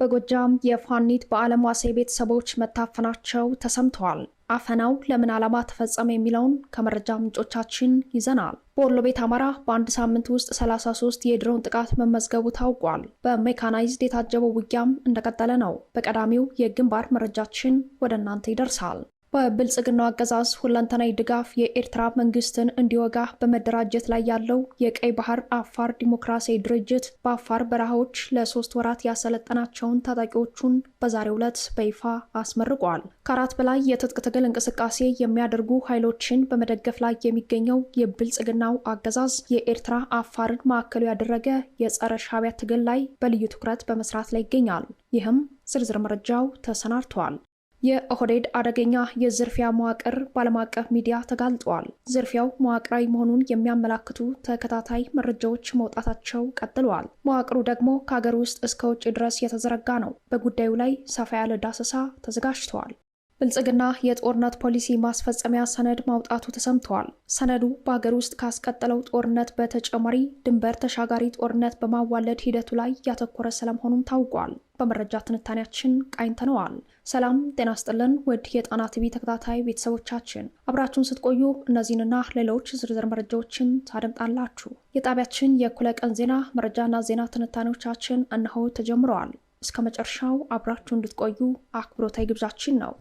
በጎጃም የፋኒት በዓለም ዋሴ ቤተሰቦች መታፈናቸው ተሰምተዋል። አፈናው ለምን ዓላማ ተፈጸመ የሚለውን ከመረጃ ምንጮቻችን ይዘናል። በወሎ ቤት አማራ በአንድ ሳምንት ውስጥ 33 የድሮን ጥቃት መመዝገቡ ታውቋል። በሜካናይዝድ የታጀበው ውጊያም እንደቀጠለ ነው። በቀዳሚው የግንባር መረጃችን ወደ እናንተ ይደርሳል። በብልጽግናው አገዛዝ ሁለንተናዊ ድጋፍ የኤርትራ መንግስትን እንዲወጋ በመደራጀት ላይ ያለው የቀይ ባህር አፋር ዲሞክራሲያዊ ድርጅት በአፋር በረሃዎች ለሶስት ወራት ያሰለጠናቸውን ታጣቂዎቹን በዛሬው ዕለት በይፋ አስመርቋል። ከአራት በላይ የትጥቅ ትግል እንቅስቃሴ የሚያደርጉ ኃይሎችን በመደገፍ ላይ የሚገኘው የብልጽግናው አገዛዝ የኤርትራ አፋርን ማዕከሉ ያደረገ የጸረ ሻቢያ ትግል ላይ በልዩ ትኩረት በመስራት ላይ ይገኛል። ይህም ዝርዝር መረጃው ተሰናድቷል። የኦህዴድ አደገኛ የዝርፊያ መዋቅር በዓለም አቀፍ ሚዲያ ተጋልጠዋል። ዝርፊያው መዋቅራዊ መሆኑን የሚያመላክቱ ተከታታይ መረጃዎች መውጣታቸው ቀጥለዋል። መዋቅሩ ደግሞ ከሀገር ውስጥ እስከ ውጭ ድረስ የተዘረጋ ነው። በጉዳዩ ላይ ሰፋ ያለ ዳሰሳ ተዘጋጅተዋል። ብልጽግና የጦርነት ፖሊሲ ማስፈጸሚያ ሰነድ ማውጣቱ ተሰምተዋል። ሰነዱ በሀገር ውስጥ ካስቀጠለው ጦርነት በተጨማሪ ድንበር ተሻጋሪ ጦርነት በማዋለድ ሂደቱ ላይ ያተኮረ ስለመሆኑም ታውቋል። በመረጃ ትንታኔያችን ቃኝተነዋል። ሰላም ጤና ስጥልን ውድ የጣና ቲቪ ተከታታይ ቤተሰቦቻችን አብራችሁን ስትቆዩ እነዚህንና ሌሎች ዝርዝር መረጃዎችን ታደምጣላችሁ። የጣቢያችን የእኩለ ቀን ዜና መረጃና ዜና ትንታኔዎቻችን እነሆ ተጀምረዋል። እስከ መጨረሻው አብራችሁ እንድትቆዩ አክብሮታዊ ግብዣችን ነው።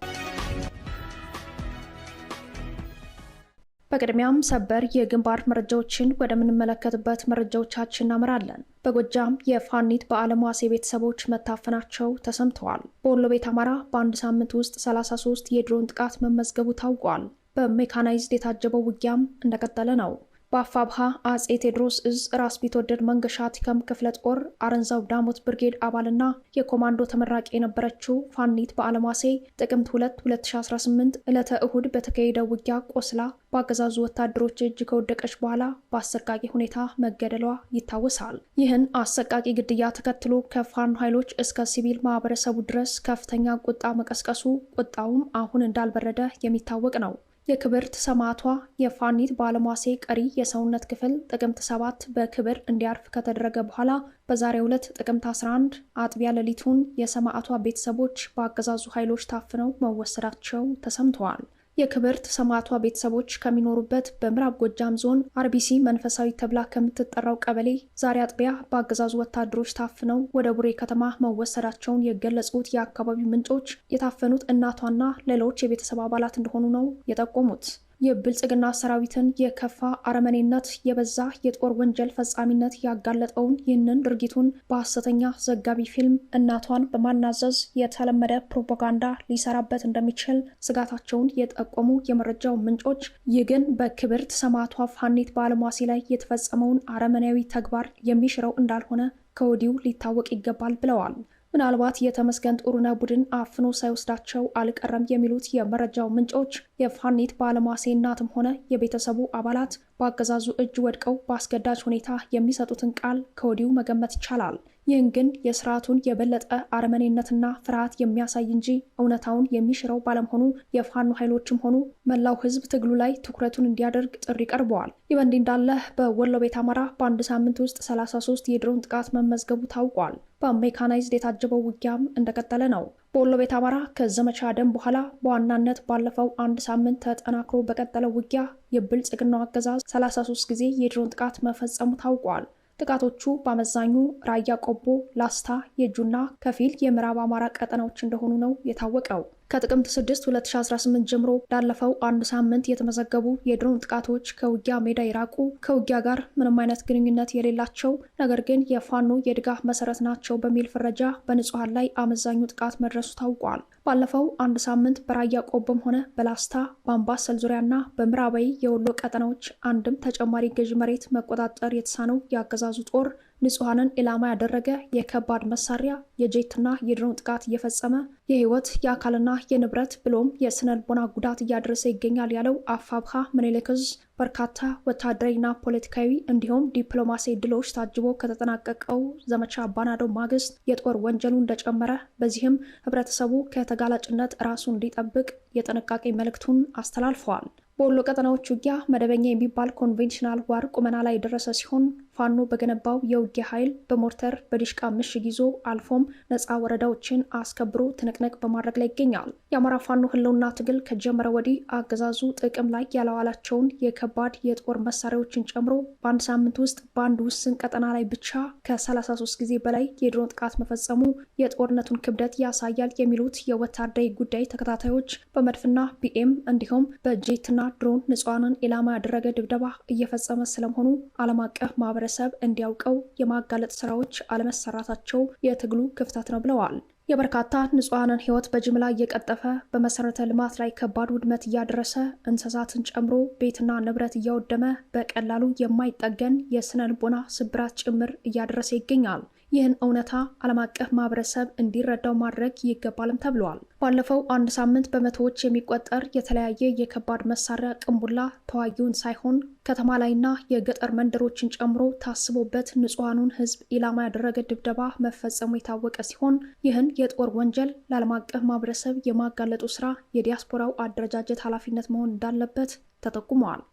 በቅድሚያም ሰበር የግንባር መረጃዎችን ወደምንመለከትበት መረጃዎቻችን እናምራለን። በጎጃም የፋኒት በዓለም ዋሴ ቤተሰቦች መታፈናቸው ተሰምተዋል። በወሎ ቤት አማራ በአንድ ሳምንት ውስጥ 33 የድሮን ጥቃት መመዝገቡ ታውቋል። በሜካናይዝድ የታጀበው ውጊያም እንደቀጠለ ነው። በአፋብሃ አጼ ቴዎድሮስ እዝ ራስ ቢትወደድ መንገሻ ቲከም ክፍለ ጦር አረንዛው ዳሞት ብርጌድ አባልና የኮማንዶ ተመራቂ የነበረችው ፋኒት በአለማሴ ጥቅምት 2 2018 ዕለተ እሁድ በተካሄደ ውጊያ ቆስላ በአገዛዙ ወታደሮች እጅ ከወደቀች በኋላ በአሰቃቂ ሁኔታ መገደሏ ይታወሳል። ይህን አሰቃቂ ግድያ ተከትሎ ከፋኖ ኃይሎች እስከ ሲቪል ማህበረሰቡ ድረስ ከፍተኛ ቁጣ መቀስቀሱ ቁጣውም አሁን እንዳልበረደ የሚታወቅ ነው። የክብርት ሰማዕቷ የፋኒት ባለሟሴ ቀሪ የሰውነት ክፍል ጥቅምት ሰባት በክብር እንዲያርፍ ከተደረገ በኋላ በዛሬ ዕለት ጥቅምት 11 አጥቢያ ሌሊቱን የሰማዕቷ ቤተሰቦች በአገዛዙ ኃይሎች ታፍነው መወሰዳቸው ተሰምተዋል። የክብርት ሰማዕቷ ቤተሰቦች ከሚኖሩበት በምዕራብ ጎጃም ዞን አርቢሲ መንፈሳዊ ተብላ ከምትጠራው ቀበሌ ዛሬ አጥቢያ በአገዛዙ ወታደሮች ታፍነው ወደ ቡሬ ከተማ መወሰዳቸውን የገለጹት የአካባቢው ምንጮች የታፈኑት እናቷና ሌሎች የቤተሰብ አባላት እንደሆኑ ነው የጠቆሙት። የብልጽግና ሰራዊትን የከፋ አረመኔነት የበዛ የጦር ወንጀል ፈጻሚነት ያጋለጠውን ይህንን ድርጊቱን በሐሰተኛ ዘጋቢ ፊልም እናቷን በማናዘዝ የተለመደ ፕሮፓጋንዳ ሊሰራበት እንደሚችል ስጋታቸውን የጠቆሙ የመረጃው ምንጮች፣ ይህ ግን በክብርት ሰማዕቷ ፋኒት በዓለምዋሴ ላይ የተፈጸመውን አረመኔያዊ ተግባር የሚሽረው እንዳልሆነ ከወዲሁ ሊታወቅ ይገባል ብለዋል። ምናልባት የተመስገን ጥሩነ ቡድን አፍኖ ሳይወስዳቸው አልቀረም የሚሉት የመረጃው ምንጮች የፋኒት ባለማሴ እናትም ሆነ የቤተሰቡ አባላት በአገዛዙ እጅ ወድቀው በአስገዳጅ ሁኔታ የሚሰጡትን ቃል ከወዲሁ መገመት ይቻላል። ይህን ግን የስርዓቱን የበለጠ አረመኔነትና ፍርሃት የሚያሳይ እንጂ እውነታውን የሚሽረው ባለመሆኑ የፋኖ ኃይሎችም ሆኑ መላው ህዝብ ትግሉ ላይ ትኩረቱን እንዲያደርግ ጥሪ ቀርበዋል። ይህ በእንዲህ እንዳለ በወሎ ቤት አማራ በአንድ ሳምንት ውስጥ 33 የድሮን ጥቃት መመዝገቡ ታውቋል። በሜካናይዝድ የታጀበው ውጊያም እንደቀጠለ ነው። በወሎ ቤት አማራ ከዘመቻ ደም በኋላ በዋናነት ባለፈው አንድ ሳምንት ተጠናክሮ በቀጠለው ውጊያ የብልጽግናው አገዛዝ 33 ጊዜ የድሮን ጥቃት መፈጸሙ ታውቋል። ጥቃቶቹ በአመዛኙ ራያ ቆቦ፣ ላስታ፣ የጁና ከፊል የምዕራብ አማራ ቀጠናዎች እንደሆኑ ነው የታወቀው። ከጥቅምት 6 2018 ጀምሮ ላለፈው አንድ ሳምንት የተመዘገቡ የድሮን ጥቃቶች ከውጊያ ሜዳ የራቁ ከውጊያ ጋር ምንም አይነት ግንኙነት የሌላቸው ነገር ግን የፋኖ የድጋፍ መሰረት ናቸው በሚል ፍረጃ በንጹሐን ላይ አመዛኙ ጥቃት መድረሱ ታውቋል። ባለፈው አንድ ሳምንት በራያ ቆቦም ሆነ በላስታ በአምባሰል ዙሪያና በምዕራባዊ የወሎ ቀጠናዎች አንድም ተጨማሪ ገዢ መሬት መቆጣጠር የተሳነው የአገዛዙ ጦር ንጹሐንን ኢላማ ያደረገ የከባድ መሳሪያ የጄትና የድሮን ጥቃት እየፈጸመ የህይወት የአካልና የንብረት ብሎም የስነ ልቦና ጉዳት እያደረሰ ይገኛል ያለው አፋብሃ ምኒልክዝ በርካታ ወታደራዊና ፖለቲካዊ እንዲሁም ዲፕሎማሲ ድሎች ታጅቦ ከተጠናቀቀው ዘመቻ ባናዶ ማግስት የጦር ወንጀሉ እንደጨመረ፣ በዚህም ህብረተሰቡ ከተጋላጭነት ራሱን እንዲጠብቅ የጥንቃቄ መልእክቱን አስተላልፈዋል። በወሎ ቀጠናዎች ውጊያ መደበኛ የሚባል ኮንቬንሽናል ዋር ቁመና ላይ የደረሰ ሲሆን ፋኖ በገነባው የውጊያ ኃይል በሞርተር በዲሽቃ ምሽግ ይዞ አልፎም ነፃ ወረዳዎችን አስከብሮ ትንቅንቅ በማድረግ ላይ ይገኛል። የአማራ ፋኖ ህልውና ትግል ከጀመረ ወዲህ አገዛዙ ጥቅም ላይ ያለዋላቸውን የከባድ የጦር መሳሪያዎችን ጨምሮ በአንድ ሳምንት ውስጥ በአንድ ውስን ቀጠና ላይ ብቻ ከ33 ጊዜ በላይ የድሮን ጥቃት መፈጸሙ የጦርነቱን ክብደት ያሳያል የሚሉት የወታደራዊ ጉዳይ ተከታታዮች በመድፍና ቢኤም እንዲሁም በጄትና ድሮን ንጹሐንን ኢላማ ያደረገ ድብደባ እየፈጸመ ስለመሆኑ ዓለም አቀፍ ማህበረሰብ እንዲያውቀው የማጋለጥ ስራዎች አለመሰራታቸው የትግሉ ክፍተት ነው ብለዋል። የበርካታ ንጹሐንን ሕይወት በጅምላ እየቀጠፈ በመሰረተ ልማት ላይ ከባድ ውድመት እያደረሰ እንስሳትን ጨምሮ ቤትና ንብረት እያወደመ በቀላሉ የማይጠገን የስነ ልቦና ስብራት ጭምር እያደረሰ ይገኛል። ይህን እውነታ ዓለም አቀፍ ማህበረሰብ እንዲረዳው ማድረግ ይገባልም ተብለዋል። ባለፈው አንድ ሳምንት በመቶዎች የሚቆጠር የተለያየ የከባድ መሳሪያ ቅንቡላ ተዋጊውን ሳይሆን ከተማ ላይና የገጠር መንደሮችን ጨምሮ ታስቦበት ንጹሐኑን ሕዝብ ኢላማ ያደረገ ድብደባ መፈጸሙ የታወቀ ሲሆን ይህን የጦር ወንጀል ለዓለም አቀፍ ማህበረሰብ የማጋለጡ ስራ የዲያስፖራው አደረጃጀት ኃላፊነት መሆን እንዳለበት ተጠቁመዋል።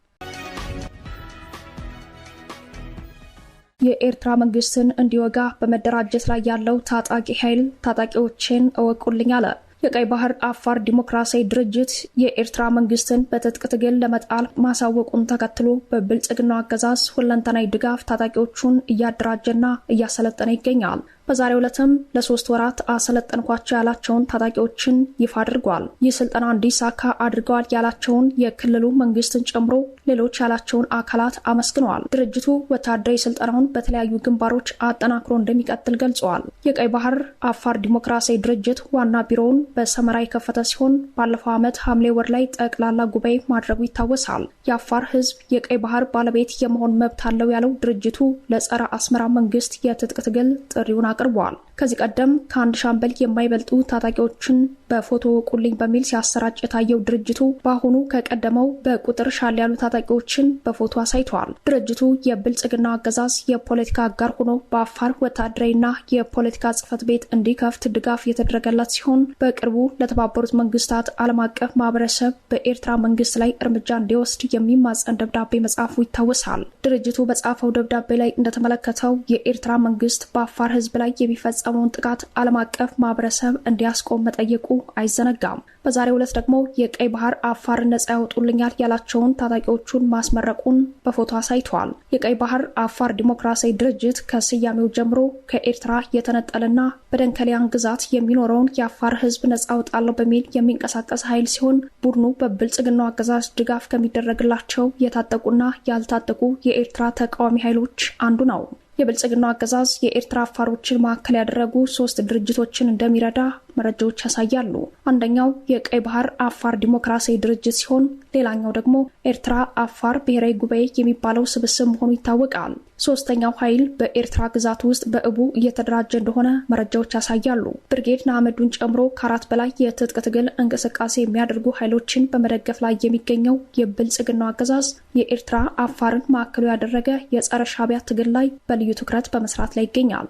የኤርትራ መንግስትን እንዲወጋ በመደራጀት ላይ ያለው ታጣቂ ኃይል ታጣቂዎችን እወቁልኝ አለ። የቀይ ባህር አፋር ዲሞክራሲያዊ ድርጅት የኤርትራ መንግስትን በትጥቅ ትግል ለመጣል ማሳወቁን ተከትሎ በብልጽግናው አገዛዝ ሁለንተናዊ ድጋፍ ታጣቂዎቹን እያደራጀና እያሰለጠነ ይገኛል። በዛሬው ዕለትም ለሶስት ወራት አሰለጠንኳቸው ያላቸውን ታጣቂዎችን ይፋ አድርጓል። ይህ ስልጠና እንዲሳካ አድርገዋል ያላቸውን የክልሉ መንግስትን ጨምሮ ሌሎች ያላቸውን አካላት አመስግነዋል። ድርጅቱ ወታደራዊ ስልጠናውን በተለያዩ ግንባሮች አጠናክሮ እንደሚቀጥል ገልጸዋል። የቀይ ባህር አፋር ዲሞክራሲያዊ ድርጅት ዋና ቢሮውን በሰመራ የከፈተ ሲሆን ባለፈው ዓመት ሐምሌ ወር ላይ ጠቅላላ ጉባኤ ማድረጉ ይታወሳል። የአፋር ህዝብ የቀይ ባህር ባለቤት የመሆን መብት አለው ያለው ድርጅቱ ለጸረ አስመራ መንግስት የትጥቅ ትግል ጥሪውን አቅርቧል። ከዚህ ቀደም ከአንድ ሻምበል የማይበልጡ ታጣቂዎችን በፎቶ ቁልኝ በሚል ሲያሰራጭ የታየው ድርጅቱ በአሁኑ ከቀደመው በቁጥር ሻል ያሉ ታጣቂዎችን በፎቶ አሳይተዋል። ድርጅቱ የብልጽግና አገዛዝ የፖለቲካ አጋር ሆኖ በአፋር ወታደራዊና የፖለቲካ ጽህፈት ቤት እንዲከፍት ድጋፍ የተደረገላት ሲሆን በቅርቡ ለተባበሩት መንግስታት ዓለም አቀፍ ማህበረሰብ በኤርትራ መንግስት ላይ እርምጃ እንዲወስድ የሚማጸን ደብዳቤ መጻፉ ይታወሳል። ድርጅቱ በጻፈው ደብዳቤ ላይ እንደተመለከተው የኤርትራ መንግስት በአፋር ህዝብ ላይ የሚፈጸመውን ጥቃት ዓለም አቀፍ ማህበረሰብ እንዲያስቆም መጠየቁ አይዘነጋም። በዛሬው ዕለት ደግሞ የቀይ ባህር አፋር ነጻ ያወጡልኛል ያላቸውን ታጣቂዎቹን ማስመረቁን በፎቶ አሳይተዋል። የቀይ ባህር አፋር ዲሞክራሲያዊ ድርጅት ከስያሜው ጀምሮ ከኤርትራ የተነጠለና በደንከሊያን ግዛት የሚኖረውን የአፋር ህዝብ ነጻ ወጣለሁ በሚል የሚንቀሳቀስ ኃይል ሲሆን ቡድኑ በብልጽግናው አገዛዝ ድጋፍ ከሚደረግላቸው የታጠቁና ያልታጠቁ የኤርትራ ተቃዋሚ ኃይሎች አንዱ ነው። የብልጽግናው አገዛዝ የኤርትራ አፋሮችን ማዕከል ያደረጉ ሶስት ድርጅቶችን እንደሚረዳ መረጃዎች ያሳያሉ። አንደኛው የቀይ ባህር አፋር ዲሞክራሲያዊ ድርጅት ሲሆን ሌላኛው ደግሞ ኤርትራ አፋር ብሔራዊ ጉባኤ የሚባለው ስብስብ መሆኑ ይታወቃል። ሶስተኛው ኃይል በኤርትራ ግዛት ውስጥ በእቡ እየተደራጀ እንደሆነ መረጃዎች ያሳያሉ። ብርጌድ ንሓመዱን ጨምሮ ከአራት በላይ የትጥቅ ትግል እንቅስቃሴ የሚያደርጉ ኃይሎችን በመደገፍ ላይ የሚገኘው የብልጽግናው አገዛዝ የኤርትራ አፋርን ማዕከሉ ያደረገ የጸረ ሻቢያ ትግል ላይ በልዩ ትኩረት በመስራት ላይ ይገኛል።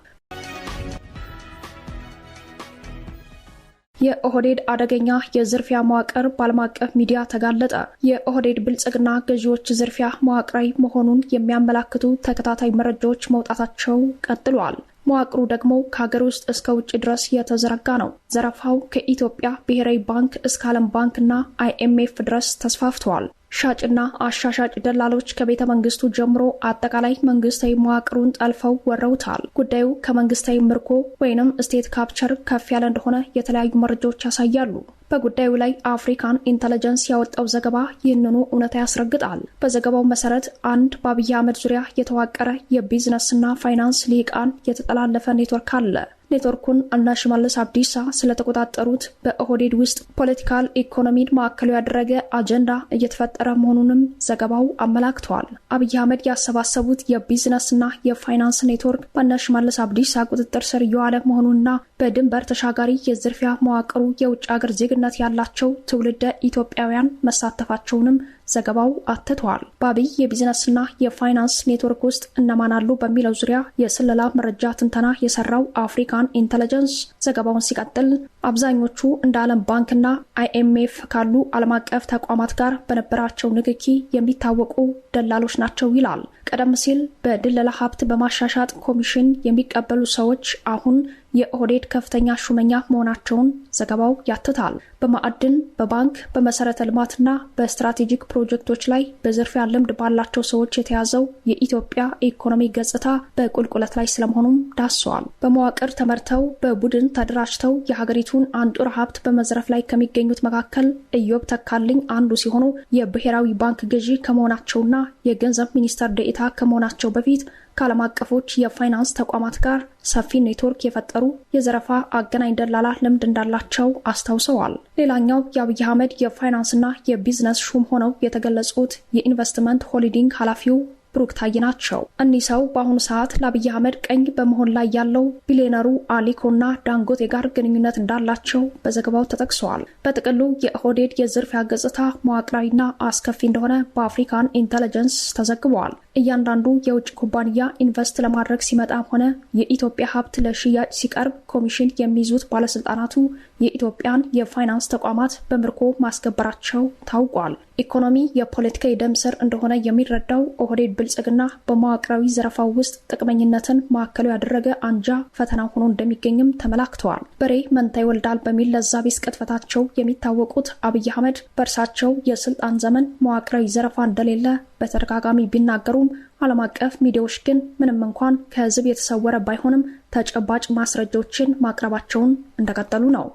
የኦህዴድ አደገኛ የዝርፊያ መዋቅር በዓለም አቀፍ ሚዲያ ተጋለጠ። የኦህዴድ ብልጽግና ገዢዎች ዝርፊያ መዋቅራዊ መሆኑን የሚያመላክቱ ተከታታይ መረጃዎች መውጣታቸው ቀጥሏል። መዋቅሩ ደግሞ ከሀገር ውስጥ እስከ ውጭ ድረስ የተዘረጋ ነው። ዘረፋው ከኢትዮጵያ ብሔራዊ ባንክ እስከ ዓለም ባንክና አይኤምኤፍ ድረስ ተስፋፍተዋል። ሻጭና አሻሻጭ ደላሎች ከቤተ መንግስቱ ጀምሮ አጠቃላይ መንግስታዊ መዋቅሩን ጠልፈው ወረውታል። ጉዳዩ ከመንግስታዊ ምርኮ ወይንም ስቴት ካፕቸር ከፍ ያለ እንደሆነ የተለያዩ መረጃዎች ያሳያሉ። በጉዳዩ ላይ አፍሪካን ኢንተለጀንስ ያወጣው ዘገባ ይህንኑ እውነታ ያስረግጣል። በዘገባው መሰረት አንድ በአብይ አህመድ ዙሪያ የተዋቀረ የቢዝነስና ፋይናንስ ሊቃን የተጠላለፈ ኔትወርክ አለ። ኔትወርኩን እና ሽመልስ አብዲሳ ስለተቆጣጠሩት በኦህዴድ ውስጥ ፖለቲካል ኢኮኖሚን ማዕከሉ ያደረገ አጀንዳ እየተፈጠረ መሆኑንም ዘገባው አመላክተዋል። አብይ አህመድ ያሰባሰቡት የቢዝነስና የፋይናንስ ኔትወርክ በእነ ሽመልስ አብዲሳ ቁጥጥር ስር የዋለ መሆኑና በድንበር ተሻጋሪ የዝርፊያ መዋቅሩ የውጭ ሀገር ዜግነት ያላቸው ትውልደ ኢትዮጵያውያን መሳተፋቸውንም ዘገባው አትተዋል። በአብይ የቢዝነስና የፋይናንስ ኔትወርክ ውስጥ እነማን አሉ በሚለው ዙሪያ የስለላ መረጃ ትንተና የሰራው አፍሪካ የአውሮፓውያን ኢንተለጀንስ ዘገባውን ሲቀጥል አብዛኞቹ እንደ ዓለም ባንክና አይኤምኤፍ ካሉ ዓለም አቀፍ ተቋማት ጋር በነበራቸው ንክኪ የሚታወቁ ደላሎች ናቸው ይላል። ቀደም ሲል በድለላ ሀብት በማሻሻጥ ኮሚሽን የሚቀበሉ ሰዎች አሁን የኦህዴድ ከፍተኛ ሹመኛ መሆናቸውን ዘገባው ያትታል። በማዕድን፣ በባንክ፣ በመሰረተ ልማትና በስትራቴጂክ ፕሮጀክቶች ላይ በዝርፊያ ልምድ ባላቸው ሰዎች የተያዘው የኢትዮጵያ ኢኮኖሚ ገጽታ በቁልቁለት ላይ ስለመሆኑም ዳሰዋል። በመዋቅር ተመርተው በቡድን ተደራጅተው የሀገሪቱን አንጡራ ሀብት በመዝረፍ ላይ ከሚገኙት መካከል ኢዮብ ተካልኝ አንዱ ሲሆኑ የብሔራዊ ባንክ ገዢ ከመሆናቸውና የገንዘብ ሚኒስተር ደኢታ ከመሆናቸው በፊት ከዓለም አቀፎች የፋይናንስ ተቋማት ጋር ሰፊ ኔትወርክ የፈጠሩ የዘረፋ አገናኝ ደላላ ልምድ እንዳላቸው አስታውሰዋል። ሌላኛው የአብይ አህመድ የፋይናንስና የቢዝነስ ሹም ሆነው የተገለጹት የኢንቨስትመንት ሆልዲንግ ኃላፊው ብሩክ ታይ ናቸው። እኒህ ሰው በአሁኑ ሰዓት ለአብይ አህመድ ቀኝ በመሆን ላይ ያለው ቢሊዮነሩ አሊኮና ዳንጎቴ ጋር ግንኙነት እንዳላቸው በዘገባው ተጠቅሰዋል። በጥቅሉ የኦህዴድ የዝርፊያ ገጽታ መዋቅራዊና አስከፊ እንደሆነ በአፍሪካን ኢንተለጀንስ ተዘግበዋል። እያንዳንዱ የውጭ ኩባንያ ኢንቨስት ለማድረግ ሲመጣም ሆነ የኢትዮጵያ ሀብት ለሽያጭ ሲቀርብ ኮሚሽን የሚይዙት ባለስልጣናቱ የኢትዮጵያን የፋይናንስ ተቋማት በምርኮ ማስገበራቸው ታውቋል። ኢኮኖሚ የፖለቲካ የደም ስር እንደሆነ የሚረዳው ኦህዴድ ብልጽግና በመዋቅራዊ ዘረፋው ውስጥ ጥቅመኝነትን ማዕከሉ ያደረገ አንጃ ፈተና ሆኖ እንደሚገኝም ተመላክተዋል። በሬ መንታ ይወልዳል በሚል ለዛ ቢስ ቅጥፈታቸው የሚታወቁት አብይ አህመድ በእርሳቸው የስልጣን ዘመን መዋቅራዊ ዘረፋ እንደሌለ በተደጋጋሚ ቢናገሩም ዓለም አቀፍ ሚዲያዎች ግን ምንም እንኳን ከህዝብ የተሰወረ ባይሆንም ተጨባጭ ማስረጃዎችን ማቅረባቸውን እንደቀጠሉ ነው።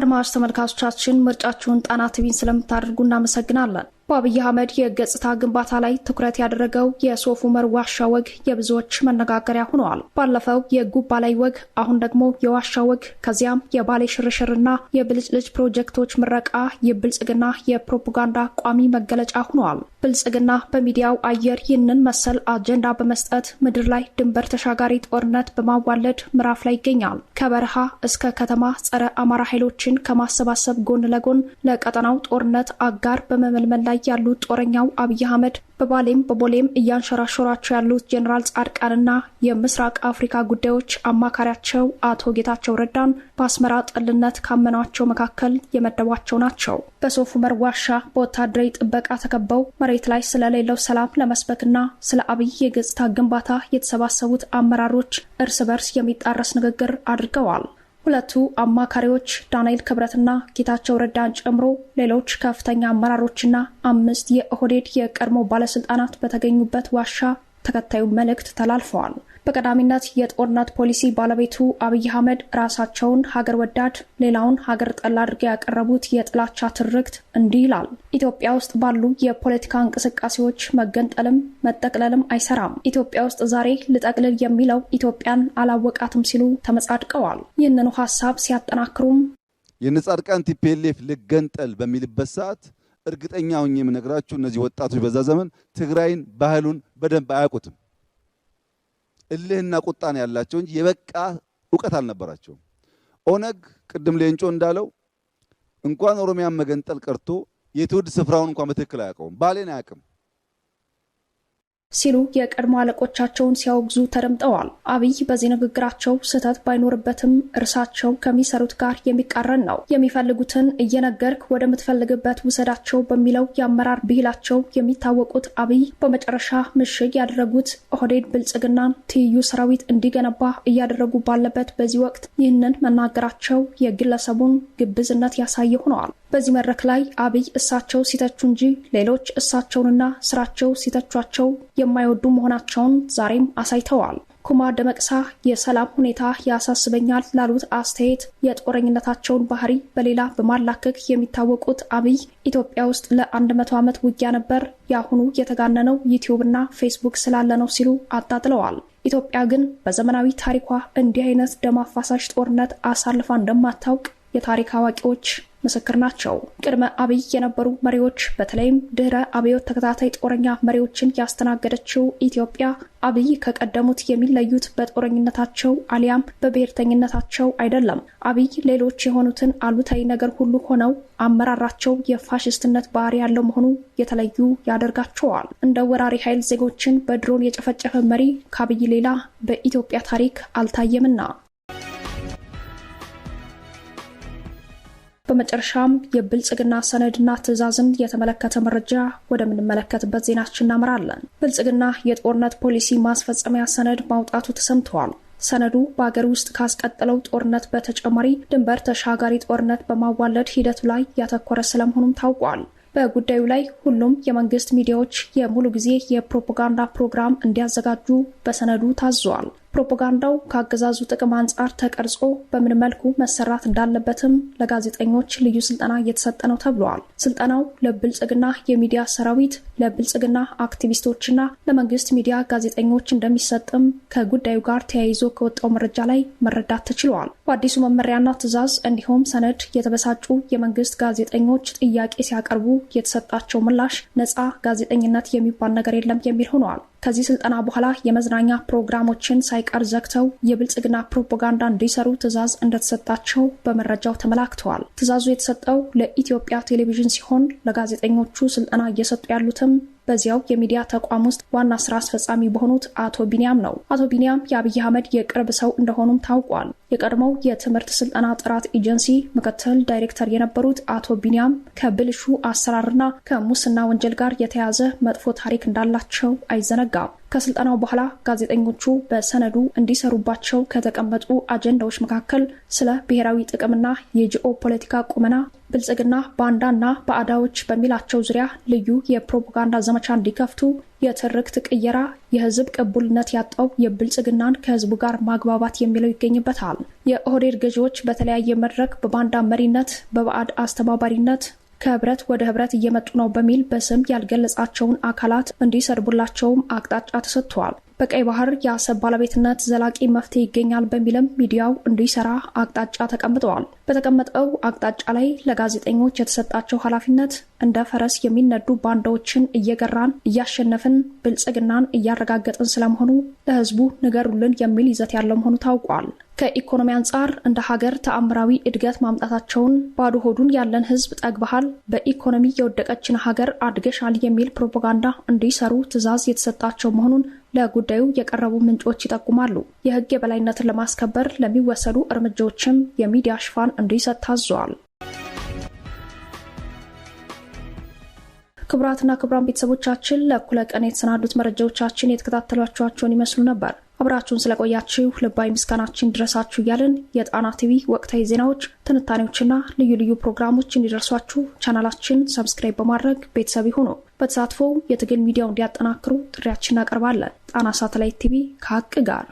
አድማጭ ተመልካቾቻችን ምርጫችሁን ጣና ቲቪን ስለምታደርጉ እናመሰግናለን። በአብይ አህመድ የገጽታ ግንባታ ላይ ትኩረት ያደረገው የሶፍ ዑመር ዋሻ ወግ የብዙዎች መነጋገሪያ ሆነዋል። ባለፈው የጉባ ላይ ወግ፣ አሁን ደግሞ የዋሻ ወግ፣ ከዚያም የባሌ ሽርሽርና የብልጭልጭ ፕሮጀክቶች ምረቃ የብልጽግና የፕሮፓጋንዳ ቋሚ መገለጫ ሆነዋል። ብልጽግና በሚዲያው አየር ይህንን መሰል አጀንዳ በመስጠት ምድር ላይ ድንበር ተሻጋሪ ጦርነት በማዋለድ ምዕራፍ ላይ ይገኛል። ከበረሃ እስከ ከተማ ጸረ አማራ ኃይሎችን ከማሰባሰብ ጎን ለጎን ለቀጠናው ጦርነት አጋር በመመልመል ላይ ያሉት ጦረኛው አብይ አህመድ በባሌም በቦሌም እያንሸራሸሯቸው ያሉት ጄኔራል ጻድቃንና የምስራቅ አፍሪካ ጉዳዮች አማካሪያቸው አቶ ጌታቸው ረዳን በአስመራ ጠልነት ካመኗቸው መካከል የመደቧቸው ናቸው። በሶፍ ዑመር ዋሻ በወታደራዊ ጥበቃ ተከበው መሬት ላይ ስለሌለው ሰላም ለመስበክና ስለ አብይ የገጽታ ግንባታ የተሰባሰቡት አመራሮች እርስ በርስ የሚጣረስ ንግግር አድርገዋል። ሁለቱ አማካሪዎች ዳንኤል ክብረትና ጌታቸው ረዳን ጨምሮ ሌሎች ከፍተኛ አመራሮችና አምስት የኦህዴድ የቀድሞ ባለስልጣናት በተገኙበት ዋሻ ተከታዩ መልእክት ተላልፈዋል። በቀዳሚነት የጦርነት ፖሊሲ ባለቤቱ አብይ አህመድ ራሳቸውን ሀገር ወዳድ ሌላውን ሀገር ጠል አድርገው ያቀረቡት የጥላቻ ትርክት እንዲህ ይላል። ኢትዮጵያ ውስጥ ባሉ የፖለቲካ እንቅስቃሴዎች መገንጠልም መጠቅለልም አይሰራም። ኢትዮጵያ ውስጥ ዛሬ ልጠቅልል የሚለው ኢትዮጵያን አላወቃትም ሲሉ ተመጻድቀዋል። ይህንኑ ሀሳብ ሲያጠናክሩም የነጻድቃን ቲፒኤልኤፍ ልገንጠል በሚልበት ሰዓት እርግጠኛ ሁኝ የምነግራችሁ እነዚህ ወጣቶች በዛ ዘመን ትግራይን ባህሉን በደንብ አያውቁትም። እልህና ቁጣ ነው ያላቸው እንጂ የበቃ እውቀት አልነበራቸውም። ኦነግ ቅድም ሌንጮ እንዳለው እንኳን ኦሮሚያን መገንጠል ቀርቶ የትውልድ ስፍራውን እንኳን በትክክል አያውቀውም። ባሌን አያውቅም። ሲሉ የቀድሞ አለቆቻቸውን ሲያወግዙ ተደምጠዋል። አብይ በዚህ ንግግራቸው ስህተት ባይኖርበትም እርሳቸው ከሚሰሩት ጋር የሚቃረን ነው። የሚፈልጉትን እየነገርክ ወደምትፈልግበት ውሰዳቸው በሚለው የአመራር ብሂላቸው የሚታወቁት አብይ በመጨረሻ ምሽግ ያደረጉት ኦህዴድ ብልጽግናን ትይዩ ሰራዊት እንዲገነባ እያደረጉ ባለበት በዚህ ወቅት ይህንን መናገራቸው የግለሰቡን ግብዝነት ያሳየ ሆነዋል። በዚህ መድረክ ላይ አብይ እሳቸው ሲተቹ እንጂ ሌሎች እሳቸውንና ስራቸው ሲተቿቸው የማይወዱ መሆናቸውን ዛሬም አሳይተዋል። ኩማር ደመቅሳ የሰላም ሁኔታ ያሳስበኛል ላሉት አስተያየት የጦረኝነታቸውን ባህሪ በሌላ በማላከክ የሚታወቁት አብይ ኢትዮጵያ ውስጥ ለአንድ መቶ ዓመት ውጊያ ነበር፣ የአሁኑ የተጋነነው ዩቲዩብና ፌስቡክ ስላለ ነው ሲሉ አጣጥለዋል። ኢትዮጵያ ግን በዘመናዊ ታሪኳ እንዲህ አይነት ደም አፋሳሽ ጦርነት አሳልፋ እንደማታውቅ የታሪክ አዋቂዎች ምስክር ናቸው። ቅድመ አብይ የነበሩ መሪዎች በተለይም ድህረ አብዮት ተከታታይ ጦረኛ መሪዎችን ያስተናገደችው ኢትዮጵያ አብይ ከቀደሙት የሚለዩት በጦረኝነታቸው አሊያም በብሔርተኝነታቸው አይደለም። አብይ ሌሎች የሆኑትን አሉታዊ ነገር ሁሉ ሆነው አመራራቸው የፋሽስትነት ባህሪ ያለው መሆኑ የተለዩ ያደርጋቸዋል። እንደ ወራሪ ኃይል ዜጎችን በድሮን የጨፈጨፈ መሪ ከአብይ ሌላ በኢትዮጵያ ታሪክ አልታየምና በመጨረሻም የብልጽግና ሰነድና ትዕዛዝን የተመለከተ መረጃ ወደምንመለከትበት ዜናችን እናመራለን። ብልጽግና የጦርነት ፖሊሲ ማስፈጸሚያ ሰነድ ማውጣቱ ተሰምተዋል። ሰነዱ በአገር ውስጥ ካስቀጠለው ጦርነት በተጨማሪ ድንበር ተሻጋሪ ጦርነት በማዋለድ ሂደቱ ላይ ያተኮረ ስለመሆኑም ታውቋል። በጉዳዩ ላይ ሁሉም የመንግስት ሚዲያዎች የሙሉ ጊዜ የፕሮፓጋንዳ ፕሮግራም እንዲያዘጋጁ በሰነዱ ታዟል። ፕሮፓጋንዳው ከአገዛዙ ጥቅም አንጻር ተቀርጾ በምን መልኩ መሰራት እንዳለበትም ለጋዜጠኞች ልዩ ስልጠና እየተሰጠ ነው ተብለዋል። ስልጠናው ለብልጽግና የሚዲያ ሰራዊት፣ ለብልጽግና አክቲቪስቶችና ለመንግስት ሚዲያ ጋዜጠኞች እንደሚሰጥም ከጉዳዩ ጋር ተያይዞ ከወጣው መረጃ ላይ መረዳት ተችለዋል። በአዲሱ መመሪያና ትዕዛዝ እንዲሁም ሰነድ የተበሳጩ የመንግስት ጋዜጠኞች ጥያቄ ሲያቀርቡ የተሰጣቸው ምላሽ ነጻ ጋዜጠኝነት የሚባል ነገር የለም የሚል ሆነዋል። ከዚህ ስልጠና በኋላ የመዝናኛ ፕሮግራሞችን ሳይቀር ዘግተው የብልጽግና ፕሮፓጋንዳ እንዲሰሩ ትዕዛዝ እንደተሰጣቸው በመረጃው ተመላክተዋል። ትዕዛዙ የተሰጠው ለኢትዮጵያ ቴሌቪዥን ሲሆን ለጋዜጠኞቹ ስልጠና እየሰጡ ያሉትም በዚያው የሚዲያ ተቋም ውስጥ ዋና ስራ አስፈጻሚ በሆኑት አቶ ቢኒያም ነው። አቶ ቢኒያም የአብይ አህመድ የቅርብ ሰው እንደሆኑም ታውቋል። የቀድሞው የትምህርት ስልጠና ጥራት ኤጀንሲ ምክትል ዳይሬክተር የነበሩት አቶ ቢኒያም ከብልሹ አሰራርና ከሙስና ወንጀል ጋር የተያዘ መጥፎ ታሪክ እንዳላቸው አይዘነጋም። ከስልጠናው በኋላ ጋዜጠኞቹ በሰነዱ እንዲሰሩባቸው ከተቀመጡ አጀንዳዎች መካከል ስለ ብሔራዊ ጥቅምና የጂኦ ፖለቲካ ቁመና ብልጽግና ባንዳና በአዳዎች በሚላቸው ዙሪያ ልዩ የፕሮፓጋንዳ ዘመቻ እንዲከፍቱ፣ የትርክት ቅየራ፣ የህዝብ ቅቡልነት ያጣው የብልጽግናን ከህዝቡ ጋር ማግባባት የሚለው ይገኝበታል። የኦህዴድ ገዢዎች በተለያየ መድረክ በባንዳ መሪነት፣ በባዕድ አስተባባሪነት ከህብረት ወደ ህብረት እየመጡ ነው በሚል በስም ያልገለጻቸውን አካላት እንዲሰድቡላቸውም አቅጣጫ ተሰጥቷል። በቀይ ባህር የአሰብ ባለቤትነት ዘላቂ መፍትሄ ይገኛል በሚልም ሚዲያው እንዲሰራ አቅጣጫ ተቀምጠዋል። በተቀመጠው አቅጣጫ ላይ ለጋዜጠኞች የተሰጣቸው ኃላፊነት እንደ ፈረስ የሚነዱ ባንዳዎችን እየገራን እያሸነፍን ብልጽግናን እያረጋገጥን ስለመሆኑ ለህዝቡ ንገሩልን የሚል ይዘት ያለው መሆኑ ታውቋል። ከኢኮኖሚ አንጻር እንደ ሀገር ተአምራዊ እድገት ማምጣታቸውን ባዶ ሆዱን ያለን ህዝብ ጠግበሃል፣ በኢኮኖሚ የወደቀችን ሀገር አድገሻል የሚል ፕሮፓጋንዳ እንዲሰሩ ትዕዛዝ የተሰጣቸው መሆኑን ለጉዳዩ የቀረቡ ምንጮች ይጠቁማሉ። የህግ የበላይነትን ለማስከበር ለሚወሰዱ እርምጃዎችም የሚዲያ ሽፋን እንዲሰጥ ታዘዋል። ክቡራትና ክቡራን ቤተሰቦቻችን ለእኩለ ቀን የተሰናዱት መረጃዎቻችን የተከታተሏቸኋቸውን ይመስሉ ነበር። አብራችሁን ስለቆያችሁ ልባዊ ምስጋናችን ድረሳችሁ እያልን የጣና ቲቪ ወቅታዊ ዜናዎች፣ ትንታኔዎችና ልዩ ልዩ ፕሮግራሞች እንዲደርሷችሁ ቻናላችን ሰብስክራይብ በማድረግ ቤተሰብ ይሁኑ። በተሳትፎ የትግል ሚዲያውን እንዲያጠናክሩ ጥሪያችን እናቀርባለን። ጣና ሳተላይት ቲቪ ከሀቅ ጋር